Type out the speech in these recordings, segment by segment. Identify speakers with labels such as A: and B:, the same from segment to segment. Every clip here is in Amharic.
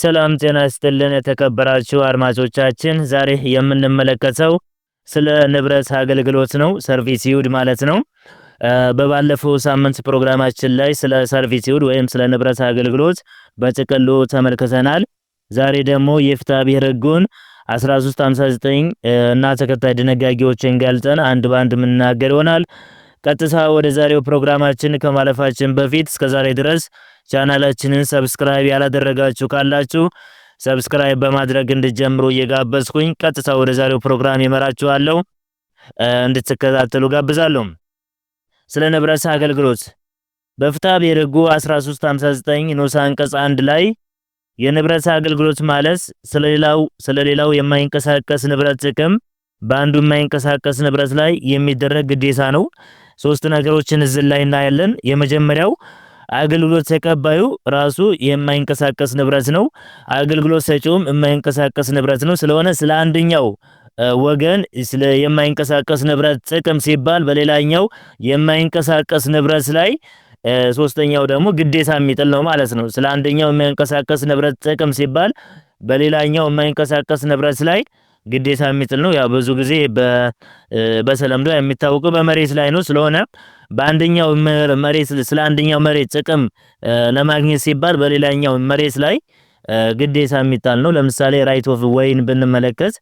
A: ሰላም ጤና ይስጥልን የተከበራችሁ አድማጮቻችን፣ ዛሬ የምንመለከተው ስለ ንብረት አገልግሎት ነው፣ ይሁድ ማለት ነው። በባለፈው ሳምንት ፕሮግራማችን ላይ ስለ ይሁድ ወይም ስለ ንብረት አገልግሎት በጥቅሉ ተመልክተናል። ዛሬ ደግሞ የፍትሐ ብሔር ሕጉን 1359 እና ተከታይ ድንጋጌዎችን ገልጠን አንድ በአንድ የምንናገር ይሆናል። ቀጥታ ወደ ዛሬው ፕሮግራማችን ከማለፋችን በፊት እስከዛሬ ድረስ ቻናላችንን ሰብስክራይብ ያላደረጋችሁ ካላችሁ ሰብስክራይብ በማድረግ እንድጀምሩ እየጋበዝኩኝ ቀጥታ ወደ ዛሬው ፕሮግራም ይመራችኋለሁ። እንድትከታተሉ ጋብዛለሁ። ስለ ንብረት አገልግሎት በፍትሐ ብሔር ሕጉ 1359 ንዑስ አንቀጽ 1 ላይ የንብረት አገልግሎት ማለት ስለሌላው ስለሌላው የማይንቀሳቀስ ንብረት ጥቅም በአንዱ የማይንቀሳቀስ ንብረት ላይ የሚደረግ ግዴታ ነው። ሶስት ነገሮችን እዚህ ላይ እናያለን። የመጀመሪያው አገልግሎት ተቀባዩ ራሱ የማይንቀሳቀስ ንብረት ነው። አገልግሎት ሰጪውም የማይንቀሳቀስ ንብረት ነው። ስለሆነ ስለ አንደኛው ወገን የማይንቀሳቀስ ንብረት ጥቅም ሲባል በሌላኛው የማይንቀሳቀስ ንብረት ላይ ሶስተኛው ደግሞ ግዴታ የሚጥል ነው ማለት ነው። ስለ አንደኛው የማይንቀሳቀስ ንብረት ጥቅም ሲባል በሌላኛው የማይንቀሳቀስ ንብረት ላይ ግዴታ የሚጥል ነው። ያው ብዙ ጊዜ በሰለምዶ የሚታወቀው በመሬት ላይ ነው። ስለሆነ በአንደኛው መሬት ስለ አንደኛው መሬት ጥቅም ለማግኘት ሲባል በሌላኛው መሬት ላይ ግዴታ የሚጣል ነው። ለምሳሌ ራይት ኦፍ ወይን ብንመለከት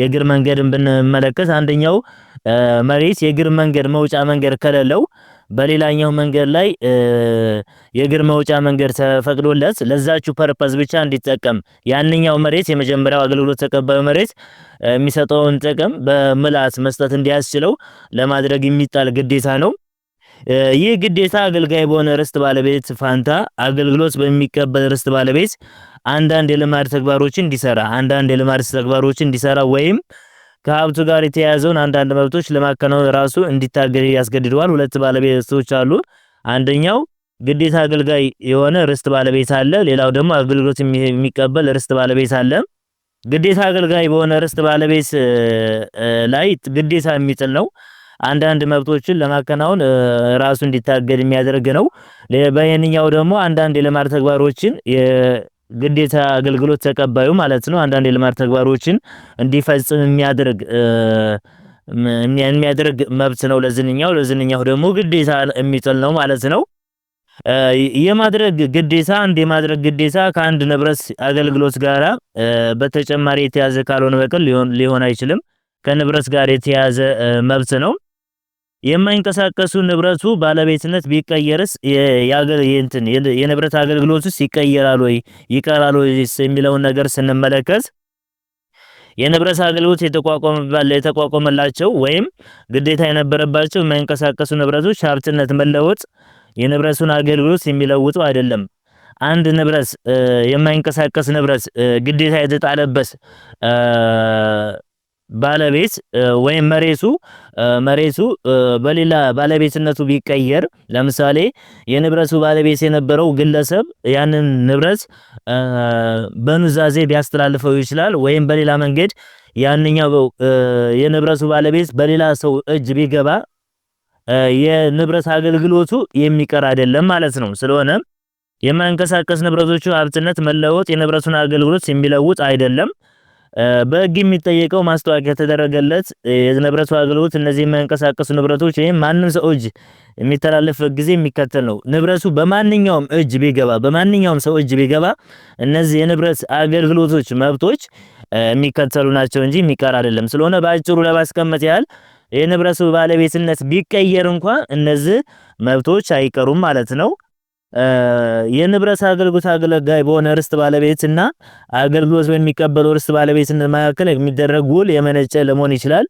A: የእግር መንገድን ብንመለከት አንደኛው መሬት የእግር መንገድ መውጫ መንገድ ከሌለው በሌላኛው መንገድ ላይ የእግር መውጫ መንገድ ተፈቅዶለት ለዛችሁ ፐርፐዝ ብቻ እንዲጠቀም ያንኛው መሬት የመጀመሪያው አገልግሎት ተቀባዩ መሬት የሚሰጠውን ጥቅም በምላት መስጠት እንዲያስችለው ለማድረግ የሚጣል ግዴታ ነው። ይህ ግዴታ አገልጋይ በሆነ ርስት ባለቤት ፋንታ አገልግሎት በሚቀበል ርስት ባለቤት አንዳንድ የልማድ ተግባሮችን እንዲሰራ አንዳንድ የልማድ ተግባሮችን እንዲሰራ ወይም ከሀብቱ ጋር የተያያዘውን አንዳንድ መብቶች ለማከናወን ራሱ እንዲታገል ያስገድደዋል። ሁለት ባለቤቶች አሉ። አንደኛው ግዴታ አገልጋይ የሆነ ርስት ባለቤት አለ። ሌላው ደግሞ አገልግሎት የሚቀበል ርስት ባለቤት አለ። ግዴታ አገልጋይ በሆነ ርስት ባለቤት ላይ ግዴታ የሚጥል ነው። አንዳንድ መብቶችን ለማከናወን ራሱ እንዲታገድ የሚያደርግ ነው። በየንኛው ደግሞ አንዳንድ የልማድ ተግባሮችን ግዴታ አገልግሎት ተቀባዩ ማለት ነው አንዳንድ የልማት ተግባሮችን እንዲፈጽም የሚያደርግ የሚያደርግ መብት ነው ለዝንኛው። ለዝንኛው ደግሞ ግዴታ የሚጥል ነው ማለት ነው። የማድረግ ግዴታ አንድ የማድረግ ግዴታ ከአንድ ንብረት አገልግሎት ጋራ በተጨማሪ የተያዘ ካልሆነ በቀል ሊሆን አይችልም። ከንብረት ጋር የተያዘ መብት ነው። የማይንቀሳቀሱ ንብረቱ ባለቤትነት ቢቀየርስ የንብረት አገልግሎቱስ ይቀየራል ወይ ይቀራል ወይስ የሚለውን ነገር ስንመለከት የንብረት አገልግሎት የተቋቋመላቸው ወይም ግዴታ የነበረባቸው የማይንቀሳቀሱ ንብረቶች ሀብትነት መለወጥ የንብረቱን አገልግሎት የሚለውጡ አይደለም። አንድ ንብረት የማይንቀሳቀስ ንብረት ግዴታ የተጣለበት ባለቤት ወይም መሬቱ መሬቱ በሌላ ባለቤትነቱ ቢቀየር ለምሳሌ የንብረቱ ባለቤት የነበረው ግለሰብ ያንን ንብረት በኑዛዜ ቢያስተላልፈው ይችላል። ወይም በሌላ መንገድ ያንኛው የንብረቱ ባለቤት በሌላ ሰው እጅ ቢገባ የንብረት አገልግሎቱ የሚቀር አይደለም ማለት ነው። ስለሆነ የማይንቀሳቀስ ንብረቶቹ ሀብትነት መለወጥ የንብረቱን አገልግሎት የሚለውጥ አይደለም። በህግ የሚጠየቀው ማስታወቂያ የተደረገለት የንብረቱ አገልግሎት እነዚህ የሚያንቀሳቀሱ ንብረቶች ወይም ማንም ሰው እጅ የሚተላለፍ ጊዜ የሚከተል ነው። ንብረቱ በማንኛውም እጅ ቢገባ በማንኛውም ሰው እጅ ቢገባ እነዚህ የንብረት አገልግሎቶች መብቶች የሚከተሉ ናቸው እንጂ የሚቀር አይደለም። ስለሆነ በአጭሩ ለማስቀመጥ ያህል የንብረቱ ባለቤትነት ቢቀየር እንኳ እነዚህ መብቶች አይቀሩም ማለት ነው። የንብረት አገልግሎት አገልጋይ በሆነ ርስት ባለቤትና አገልግሎት በሚቀበለው ርስት ባለቤትነት መካከል የሚደረግ ውል የመነጨ ለመሆን ይችላል።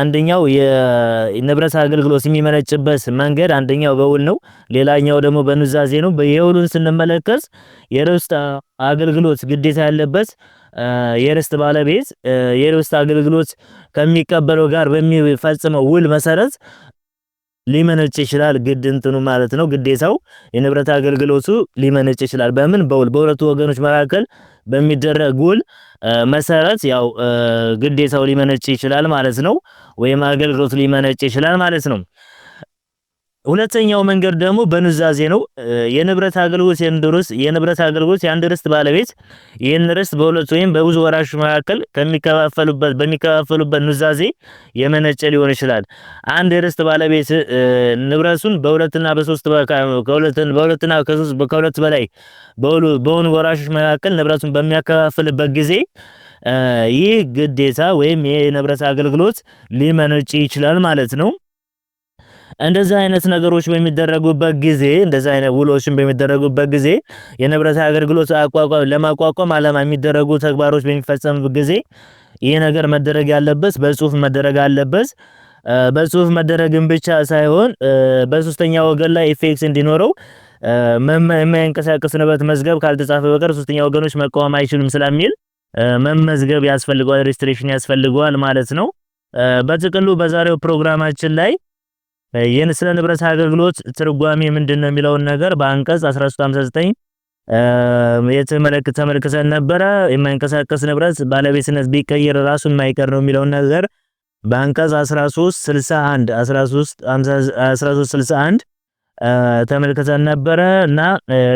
A: አንደኛው የንብረት አገልግሎት የሚመነጭበት መንገድ አንደኛው በውል ነው፣ ሌላኛው ደግሞ በኑዛዜ ነው። የውሉን ስንመለከት የርስት አገልግሎት ግዴታ ያለበት የርስት ባለቤት የርስት አገልግሎት ከሚቀበለው ጋር በሚፈጽመው ውል መሰረት ሊመነጭ ይችላል። ግድ እንትኑ ማለት ነው ግዴታው የንብረት አገልግሎቱ ሊመነጭ ይችላል። በምን በውል በሁለቱ ወገኖች መካከል በሚደረግ ውል መሰረት ያው ግዴታው ሊመነጭ ይችላል ማለት ነው። ወይም አገልግሎቱ ሊመነጭ ይችላል ማለት ነው። ሁለተኛው መንገድ ደግሞ በኑዛዜ ነው። የንብረት አገልግሎት የንብረት አገልግሎት የአንድ ርስት ባለቤት ይህን ርስት በሁለት ወይም በብዙ ወራሽ መካከል ከሚከፋፈሉበት በሚከፋፈሉበት ኑዛዜ የመነጨ ሊሆን ይችላል። አንድ የርስት ባለቤት ንብረቱን በሁለትና በሶስት በሁለትና ከሶስት ከሁለት በላይ በሆኑ ወራሾች መካከል ንብረቱን በሚያከፋፍልበት ጊዜ ይህ ግዴታ ወይም የንብረት አገልግሎት ሊመነጭ ይችላል ማለት ነው። እንደዚህ አይነት ነገሮች በሚደረጉበት ጊዜ እንደዚህ አይነት ውሎችን በሚደረጉበት ጊዜ የንብረት አገልግሎት አቋቋም ለማቋቋም ዓላማ የሚደረጉ ተግባሮች በሚፈጸምበት ጊዜ ይህ ነገር መደረግ ያለበት በጽሁፍ መደረግ አለበት። በጽሁፍ መደረግን ብቻ ሳይሆን በሶስተኛ ወገን ላይ ኢፌክት እንዲኖረው የማይንቀሳቀስ ንብረት መዝገብ ካልተጻፈ በቀር ሶስተኛ ወገኖች መቃወም አይችሉም ስለሚል መመዝገብ ያስፈልገዋል፣ ሬጅስትሬሽን ያስፈልገዋል ማለት ነው። በጥቅሉ በዛሬው ፕሮግራማችን ላይ ይህን ስለ ንብረት አገልግሎት ትርጓሜ ምንድን ነው የሚለውን ነገር በአንቀጽ 1359 ተመልክተን ነበረ። የማይንቀሳቀስ ንብረት ባለቤትነት ቢቀየር ራሱ የማይቀር ነው የሚለውን ነገር በአንቀጽ 1361 ተመልክተን ነበረ እና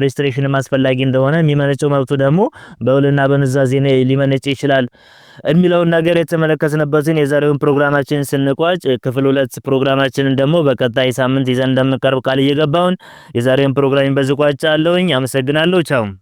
A: ሬስትሬሽንም አስፈላጊ እንደሆነ የሚመነጨው መብቱ ደግሞ በውልና በንዛዜ ሊመነጭ ይችላል የሚለውን ነገር የተመለከትንበትን የዛሬውን ፕሮግራማችን ስንቋጭ ክፍል ሁለት ፕሮግራማችንን ደግሞ በቀጣይ ሳምንት ይዘን እንደምንቀርብ ቃል እየገባውን የዛሬውን ፕሮግራም በዚህ ቋጫ አለውኝ። አመሰግናለሁ። ቻውም